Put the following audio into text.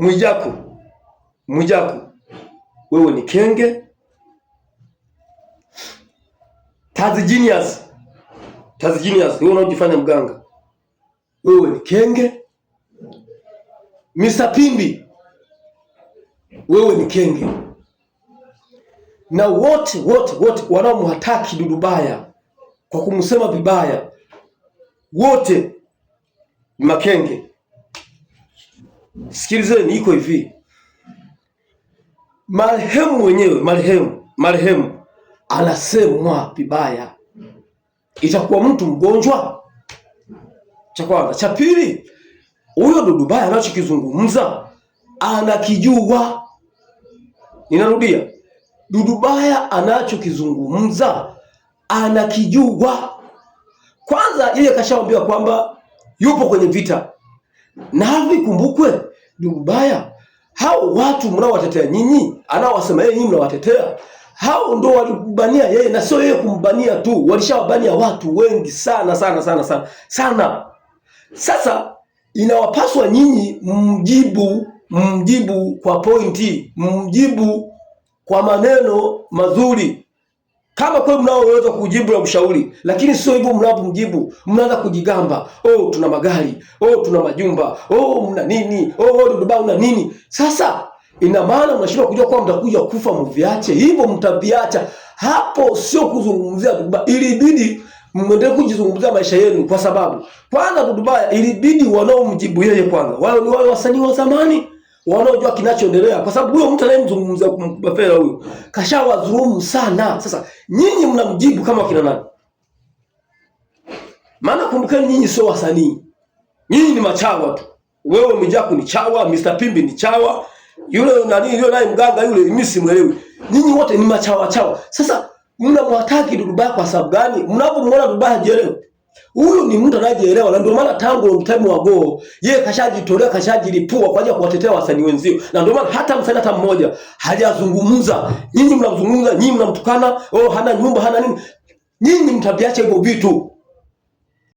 Mwijaku, Mwijaku, wewe ni kenge. Tazi genius, Tazi genius, wewe unaojifanya mganga, wewe ni kenge. Mr. Pimbi, wewe ni kenge, na wote wote wote wanaomhataki Dudubaya kwa kumsema vibaya wote ni makenge. Sikilizeni, iko hivi. Marehemu mwenyewe marehemu marehemu anasemwa vibaya, itakuwa mtu mgonjwa. Cha kwanza. Cha pili, huyo Dudubaya anachokizungumza anakijua. Ninarudia, Dudubaya anachokizungumza anakijua. Kwanza yeye kashaambiwa kwamba yupo kwenye vita, na kumbukwe ni baya hao watu mnaowatetea nyinyi, anaowasema yeye, nyinyi mnawatetea hao, ndo walikubania yeye, na sio yeye kumbania tu, walishawabania watu wengi sana sana sana sana sana. Sasa inawapaswa nyinyi mjibu, mjibu kwa pointi, mjibu kwa maneno mazuri. Kama kweli mnao uwezo wa kujibu na mshauri, lakini sio hivyo mnapomjibu, mnaanza kujigamba, oh, tuna magari, oh, tuna majumba, oh, mna nini, oh, oh Dubai una nini? Sasa ina maana mnashindwa kujua kwamba mtakuja kufa, mviache hivyo, mtaviacha hapo. Sio kuzungumzia Dubai, ilibidi mwendelee kujizungumzia maisha yenu, kwa sababu kwanza Dubai ilibidi wanaomjibu yeye kwanza wao ni wale wasanii wa zamani wanaojua kinachoendelea, kwa sababu huyo mtu anayemzungumzia Mapera huyo kashawadhulumu sana. Sasa nyinyi mnamjibu kama kina nani? Maana kumbukeni, nyinyi sio wasanii, nyinyi ni machawa tu. Wewe Mwijaku ni chawa, Mr Pimbi ni chawa, yule nani yule naye mganga yule, mimi simwelewi. Nyinyi wote ni machawa chawa. Sasa mnamwataki Dudu kwa sababu gani? Mnapomwona Dudubaya hajielewi. Huyu ni mtu anayejielewa na ndio maana tangu long time ago yeye kashajitolea kashajilipua kwa ajili ya kuwatetea wasanii wenzio. Na ndio maana hata msanii hata mmoja hajazungumza. Nyinyi mnamzungumza, nyinyi mnamtukana, oh hana nyumba, hana nini. Nyinyi mtabiacha hivyo vitu.